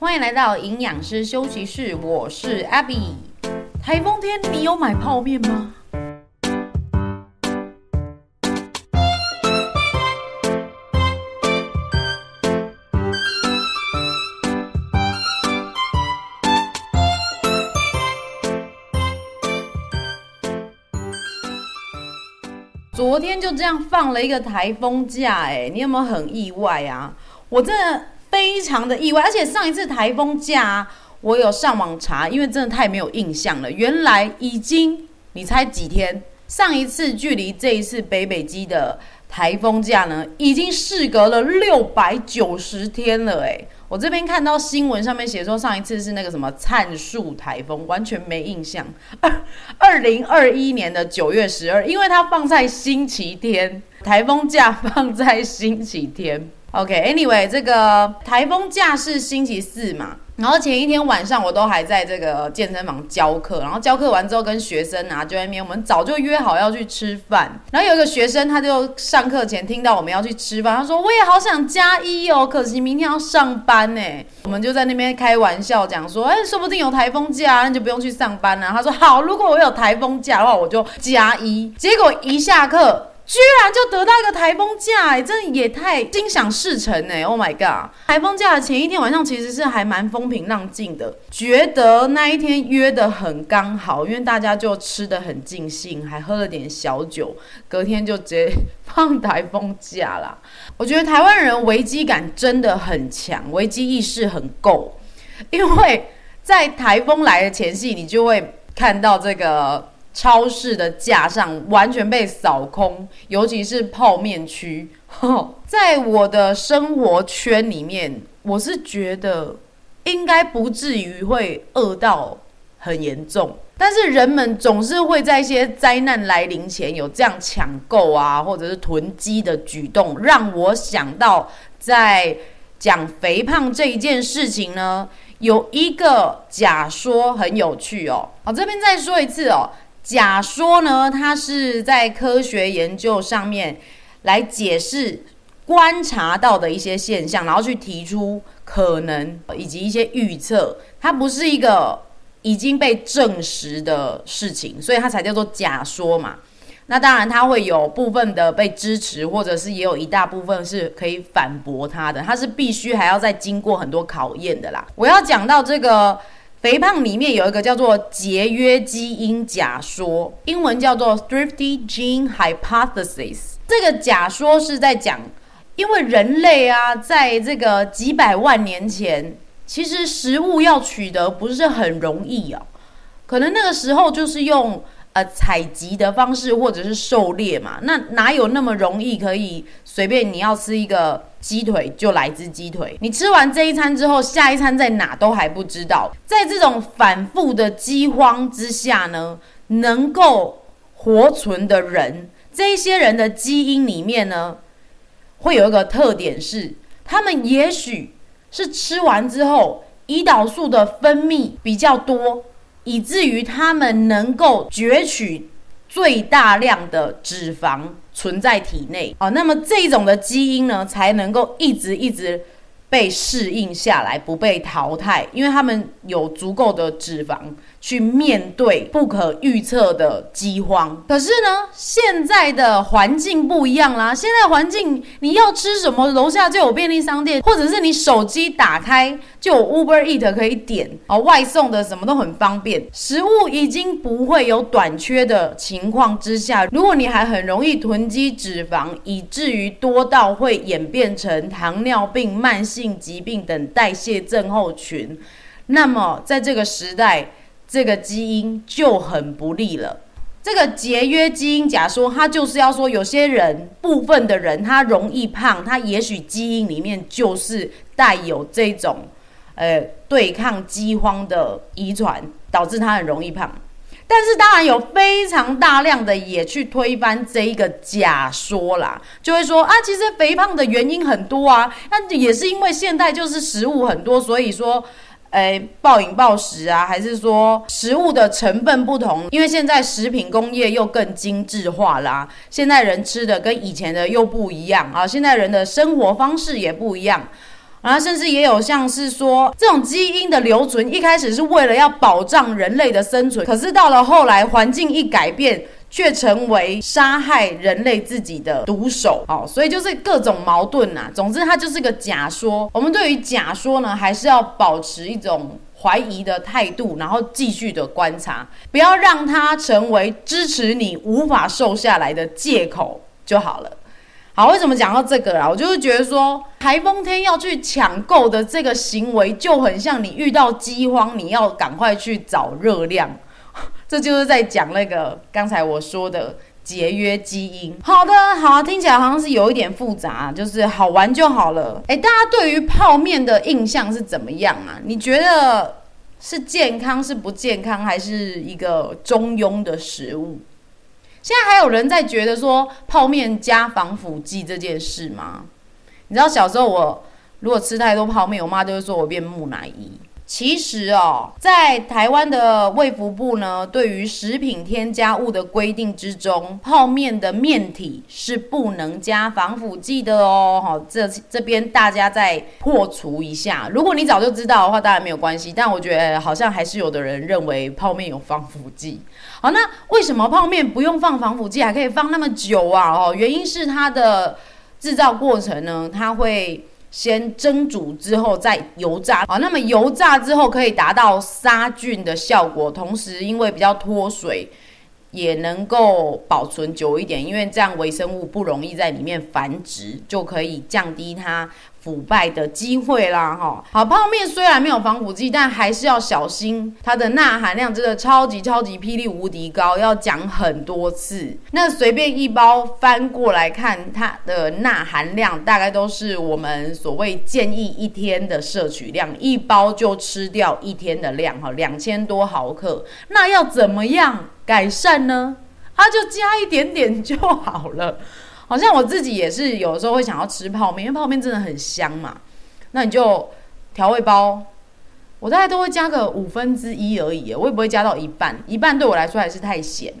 歡迎來到營養師休息室，我是 Abby。颱風天，你有買泡麵嗎？昨天就這樣放了一個颱風假，哎，你有沒有很意外啊？我這。非常的意外，而且上一次颱風假啊，我有上網查，因為真的太沒有印象了。原來已經你猜幾天？上一次距離這一次北北基的颱風假呢，已經事隔了六百九十天了欸。誒，我這邊看到新聞上面寫說上一次是那個什麼璨樹颱風，完全沒印象。二零二一年的九月十二，因為它放在星期天，颱風假放在星期天。OK，Anyway，、okay, 這個颱風假是星期四嘛，然後前一天晚上我都還在這個健身房教課，然後教課完之後跟學生啊就在那邊，我們早就約好要去吃飯，然後有一個學生他就上課前聽到我們要去吃飯，他說我也好想加一哦，可惜明天要上班呢、欸。我們就在那邊開玩笑講說，哎、欸，說不定有颱風假、啊，那就不用去上班了、啊。他說好，如果我有颱風假的話，我就加一。結果一下課。居然就得到一個颱風假，哎，真的也太心想事成呢，欸！Oh my god！颱風假的前一天晚上其實是還蠻風平浪靜的，覺得那一天約得很剛好，因為大家就吃得很盡興，還喝了點小酒，隔天就直接放颱風假啦。我覺得台灣人危機感真的很強，危機意識很夠，因為在颱風來的前夕，你就會看到這個。超市的架上完全被掃空，尤其是泡麵區。吼吼，在我的生活圈裡面，我是覺得應該不至於會餓到很嚴重，但是人們總是會在一些災難來臨前有這樣搶購啊，或者是囤積的舉動。讓我想到在講肥胖這一件事情呢，有一個假說很有趣哦。好，這邊再說一次哦。假說呢，它是在科學研究上面來解釋觀察到的一些現象，然後去提出可能以及一些預測。它不是一個已經被證實的事情，所以它才叫做假說嘛。那當然，它會有部分的被支持，或者是也有一大部分是可以反駁它的。它是必須還要再經過很多考驗的啦。我要講到這個。肥胖裡面有一個叫做節約基因假說，英文叫做 thrifty gene hypothesis。這個假說是在講，因為人類啊，在這個幾百萬年前，其實食物要取得不是很容易啊，可能那個時候就是用。呃，採集的方式或者是狩獵嘛，那哪有那麼容易可以隨便，你要吃一個雞腿就來隻雞腿，你吃完這一餐之後，下一餐在哪都還不知道。在這種反覆的饑荒之下呢，能夠活存的人，這些人的基因裡面呢，會有一個特點是，他們也許是吃完之後，胰島素的分泌比較多。以至於他們能夠攫取最大量的脂肪存在體內啊，哦，那麼這種的基因呢，才能夠一直一直被適應下來，不被淘汰，因為他們有足夠的脂肪去面對不可預測的饑荒。可是呢，現在的環境不一樣啦，現在環境你要吃什麼，樓下就有便利商店，或者是你手機打開。就 Uber Eat 可以點哦，外送的什麼都很方便。食物已經不會有短缺的情況之下，如果你還很容易囤積脂肪，以至於多到會演變成糖尿病、慢性疾病等代謝症候群，那麼在這個時代，這個基因就很不利了。這個節約基因假說，它就是要說有些人，部分的人，他容易胖，他也許基因裡面就是帶有這種。呃，對抗饑荒的遺傳導致他很容易胖，但是當然有非常大量的也去推翻這一個假說啦，就會說啊，其實肥胖的原因很多啊，那也是因為現代就是食物很多，所以說，誒、呃，暴飲暴食啊，還是說食物的成分不同，因為現在食品工業又更精緻化啦、啊，現在人吃的跟以前的又不一樣啊，現在人的生活方式也不一樣。然後甚至也有像是說，這種基因的留存一開始是為了要保障人類的生存，可是到了後來環境一改變，卻成為殺害人類自己的毒手哦。所以就是各種矛盾吶、啊。總之，它就是個假說。我們對於假說呢，還是要保持一種懷疑的態度，然後繼續的觀察，不要讓它成為支持你無法瘦下來的借口就好了。好，為什麼講到這個啊？我就是覺得說，颱風天要去搶購的這個行為，就很像你遇到饑荒，你要趕快去找熱量。這就是在講那個剛才我說的節約基因。好的，好啊，聽起來好像是有一點複雜啊，就是好玩就好了。誒、欸，大家對於泡麵的印象是怎麼樣啊？你覺得是健康，是不健康，還是一個中庸的食物？現在還有人在覺得說泡麵加防腐劑這件事嗎？你知道小時候，我如果吃太多泡麵，我媽就會說我變木乃伊。其實哦，在台灣的衛福部呢，對於食品添加物的規定之中，泡麵的麵體是不能加防腐劑的哦。好，這這邊大家再破除一下。如果你早就知道的話，當然沒有關係。但我覺得好像還是有的人認為泡麵有防腐劑。好，那為什麼泡麵不用放防腐劑，還可以放那麼久啊？哦，原因是它的製造過程呢，它會。先蒸煮之後再油炸啊，那麼油炸之後可以達到殺菌的效果，同時因為比較脫水，也能夠保存久一點，因為這樣微生物不容易在裡面繁殖，就可以降低它。腐敗的機會啦，哈、哦！好，泡麵雖然沒有防腐劑，但還是要小心它的鈉含量，真的超級超級霹靂無敵高，要講很多次。那隨便一包翻過來看，它的鈉含量大概都是我們所謂建議一天的攝取量，一包就吃掉一天的量，哈、哦，兩千多毫克。那要怎麼樣改善呢？啊，就加一點點就好了。好像我自己也是，有的時候會想要吃泡麵，因為泡麵真的很香嘛。那你就調味包，我大概都會加個五分之一而已，我也不會加到一半，一半對我來說還是太鹹。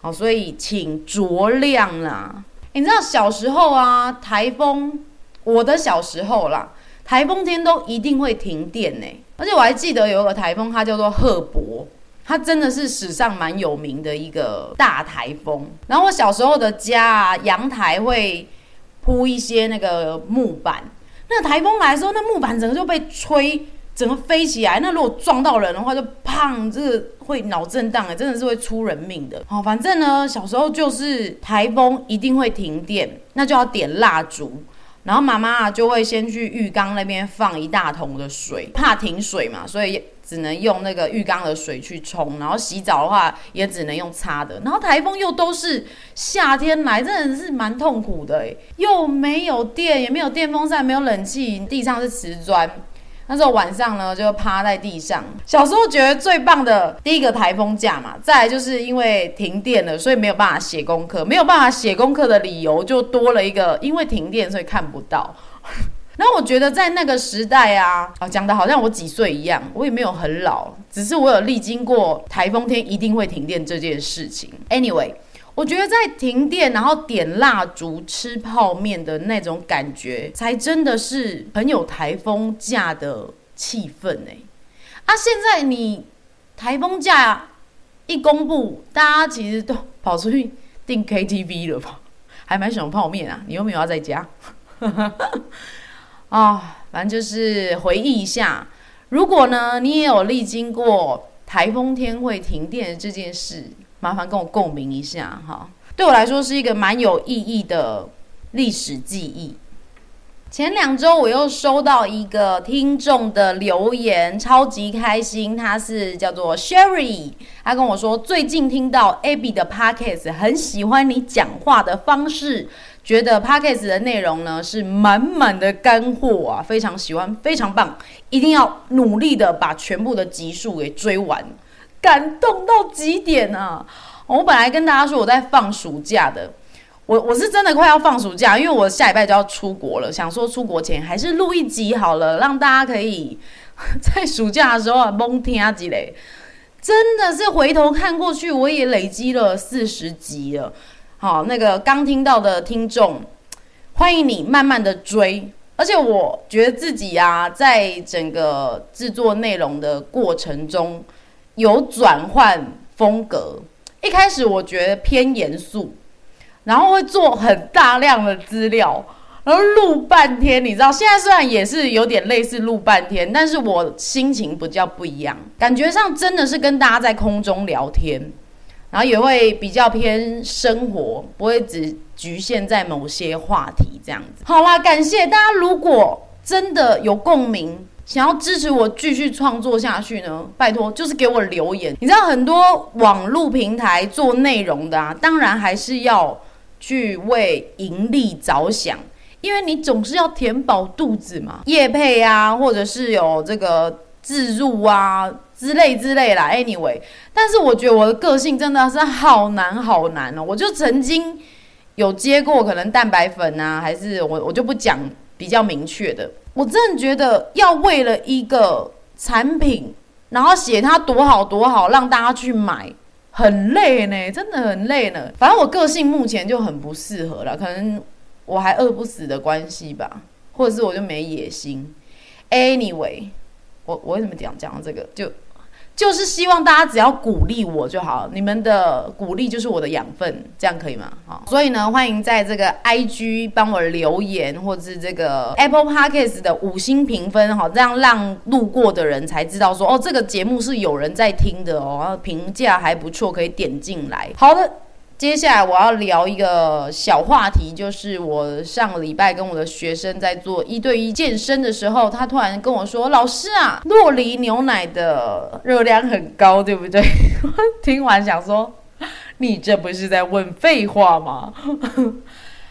好，所以請酌量啦。欸，你知道小時候啊，台風，我的小時候啦，台風天都一定會停電呢。而且我還記得有一個台風，它叫做賀伯。它真的是史上蠻有名的一個大颱風。然後我小時候的家啊，陽台會鋪一些那個木板。那颱風來的時候，那木板整個就被吹，整個飛起來。那如果撞到人的話，就砰，這個會腦震盪啊、欸，真的是會出人命的。好，反正呢，小時候就是颱風一定會停電，那就要點蠟燭。然後媽媽就會先去浴缸那邊放一大桶的水，怕停水嘛，所以。只能用那個浴缸的水去沖，然後洗澡的話也只能用擦的。然後台風又都是夏天來，真的是蠻痛苦的欸，又沒有電，也沒有電風扇，沒有冷氣，地上是瓷磚。那時候晚上呢，就趴在地上。小時候覺得最棒的第一個台風假嘛，再來就是因為停電了，所以沒有辦法寫功課，沒有辦法寫功課的理由就多了一個，因為停電所以看不到。 那我覺得在那個時代啊，啊講的好像我幾歲一樣，我也沒有很老，只是我有歷經過颱風天一定會停電這件事情。Anyway，我覺得在停電然後點蠟燭吃泡麵的那種感覺，才真的是很有颱風假的氣氛呢、欸。啊，現在你颱風假一公布，大家其實都跑出去訂 KTV 了吧？還買什麼泡麵啊，你有沒有要在家？ 啊、哦，反正就是回憶一下。如果呢，你也有歷經過台風天會停電的這件事，麻煩跟我共鳴一下哈。對我來說，是一個蠻有意義的歷史記憶。前兩週，我又收到一個聽眾的留言，超級開心。他是叫做 Sherry，他跟我說，最近聽到 Abby 的 Podcast，很喜歡你講話的方式，覺得 Podcast 的內容呢是滿滿的乾貨啊，非常喜歡，非常棒，一定要努力的把全部的集數給追完，感動到極點啊！我本來跟大家說我在放暑假的。我我是真的快要放暑假，因為我下禮拜就要出國了，想說出國前還是錄一集好了，讓大家可以在暑假的時候猛聽啊，之類。真的是回頭看過去，我也累積了四十集了。好，那個剛聽到的聽眾，歡迎你慢慢的追。而且我覺得自己啊，在整個製作內容的過程中有轉換風格，一開始我覺得偏嚴肅。然後會做很大量的資料，然後錄半天，你知道，現在雖然也是有點類似錄半天，但是我心情比較不一樣，感覺上真的是跟大家在空中聊天，然後也會比較偏生活，不會只侷限在某些話題這樣子。好啦、啊，感謝大家，如果真的有共鳴，想要支持我繼續創作下去呢，拜託就是給我留言。你知道，很多網絡平台做內容的啊，當然還是要。去為盈利着想，因為你總是要填飽肚子嘛，業配啊，或者是有這個置入啊之類之類啦。Anyway，但是我覺得我的個性真的是好難好難哦、喔。我就曾經有接過可能蛋白粉啊，還是我我就不講比較明確的。我真的覺得要為了一個產品，然後寫它多好多好，讓大家去買。很累呢，真的很累呢。反正我個性目前就很不適合啦，可能我還餓不死的關係吧，或者是我就沒野心。Anyway，我我為什麼講講到這個就？就是希望大家只要鼓勵我就好，你們的鼓勵就是我的養分，這樣可以嗎？好、哦，所以呢，歡迎在這個 IG 幫我留言，或者是這個 Apple Podcast 的五星評分，哦，這樣讓路過的人才知道說，哦，這個節目是有人在聽的哦，評價還不錯，可以點進來。好的。接下來我要聊一個小話題，就是我上個禮拜跟我的學生在做一對一健身的時候，他突然跟我說：“老師啊，酪梨牛奶的熱量很高，對不對？” 聽完想說，你這不是在問廢話嗎？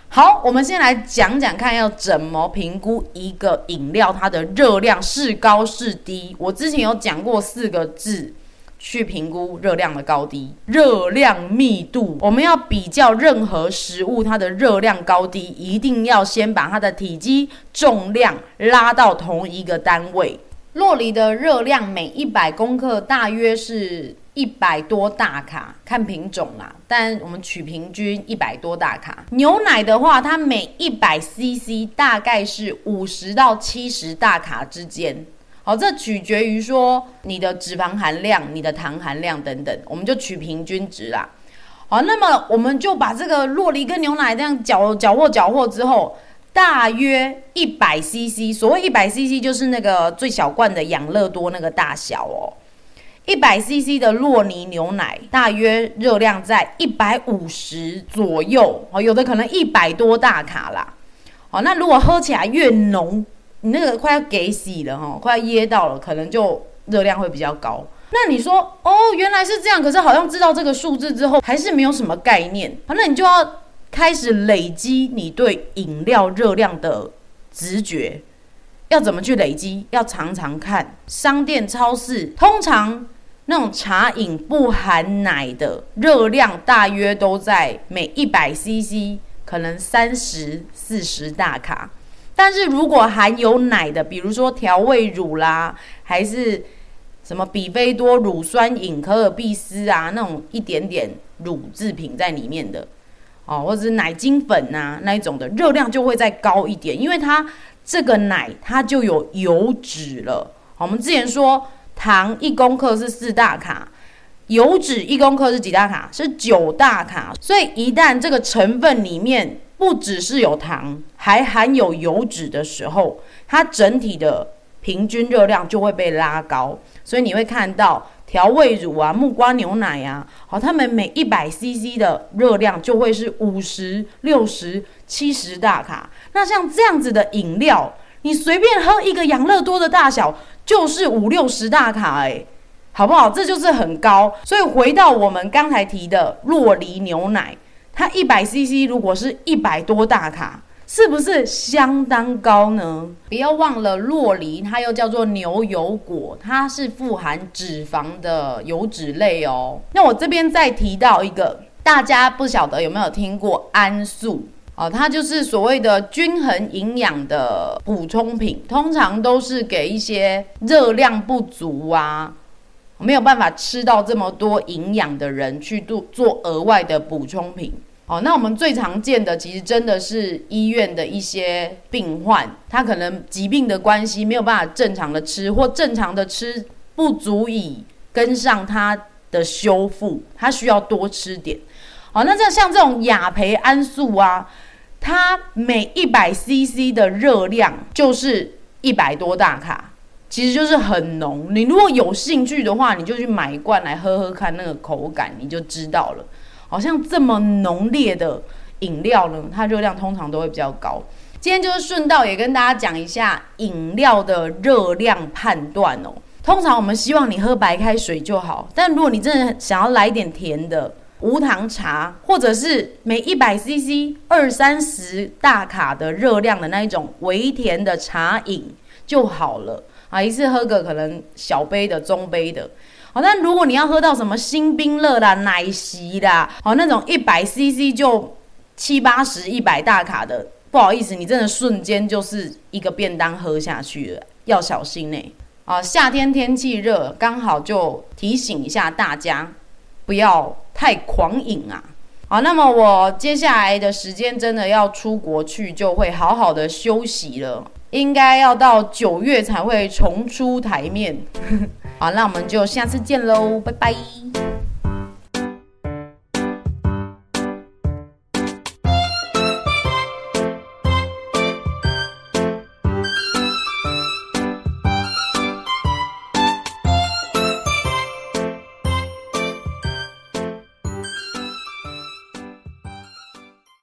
好，我們先來講講看，要怎麼評估一個飲料它的熱量是高是低？我之前有講過四個字。去評估熱量的高低，熱量密度。我們要比較任何食物它的熱量高低，一定要先把它的體積、重量拉到同一個單位。酪梨的熱量每一百公克大約是一百多大卡，看品種啦。但我們取平均一百多大卡。牛奶的話，它每一百 CC 大概是五十到七十大卡之間。哦，這取決於說你的脂肪含量、你的糖含量等等，我們就取平均值啦。好，那麼我們就把這個酪梨跟牛奶這樣攪攪和攪和之後，大約一百 CC，所謂一百 CC 就是那個最小罐的養樂多那個大小哦。一百 CC 的酪梨牛奶大約熱量在一百五十左右哦，有的可能一百多大卡啦。好，那如果喝起來越濃。你那個快要給洗了哈、哦，快噎到了，可能就熱量會比較高。那你說哦，原來是這樣，可是好像知道這個數字之後，還是沒有什麼概念。反正你就要開始累積你對飲料熱量的直覺，要怎麼去累積？要常常看商店、超市，通常那種茶飲不含奶的熱量大約都在每一百 CC，可能三十、四十大卡。但是如果含有奶的，比如說調味乳啦，還是什麼比菲多乳酸飲、可爾必思啊那種一點點乳製品在裡面的，哦，或者是奶精粉吶、啊、那一種的，熱量就會再高一點，因為它這個奶它就有油脂了。我們之前說糖一公克是四大卡，油脂一公克是幾大卡？是九大卡。所以一旦這個成分裡面，不只是有糖，還含有油脂的時候，它整體的平均熱量就會被拉高。所以你會看到調味乳啊、木瓜牛奶啊，好、哦，它們每一百 CC 的熱量就會是五十六十七十大卡。那像這樣子的飲料，你隨便喝一個養樂多的大小，就是五六十大卡、欸，哎，好不好？這就是很高。所以回到我們剛才提的酪梨牛奶。它一百 CC 如果是一百多大卡，是不是相當高呢？不要忘了，酪梨它又叫做牛油果，它是富含脂肪的油脂類哦。那我這邊再提到一個，大家不曉得有沒有聽過安素哦，它就是所謂的均衡營養的補充品，通常都是給一些熱量不足啊，沒有辦法吃到這麼多營養的人去做做額外的補充品。哦，那我們最常見的其實真的是醫院的一些病患，他可能疾病的關係沒有辦法正常的吃，或正常的吃不足以跟上他的修復，他需要多吃點。好、哦，那這像這種亞培安素啊，它每一百 CC 的熱量就是一百多大卡，其實就是很濃。你如果有興趣的話，你就去買一罐來喝喝看，那個口感你就知道了。好像這麼濃烈的飲料呢，它熱量通常都會比較高。今天就是順道也跟大家講一下飲料的熱量判斷哦。通常我們希望你喝白開水就好，但如果你真的想要來點甜的無糖茶，或者是每一百 CC 二三十大卡的熱量的那一種微甜的茶飲就好了啊，一次喝個可能小杯的、中杯的。好、哦，但如果你要喝到什麼星冰樂啦、奶昔啦，哦，那種一百 CC 就七八十、一百大卡的，不好意思，你真的瞬間就是一個便當喝下去了，要小心呢、欸。啊、哦，夏天天氣熱，剛好就提醒一下大家，不要太狂飲啊。好，那麼我接下來的時間真的要出國去，就會好好的休息了，應該要到九月才會重出台面。 好，那我們就下次見嘍，拜拜。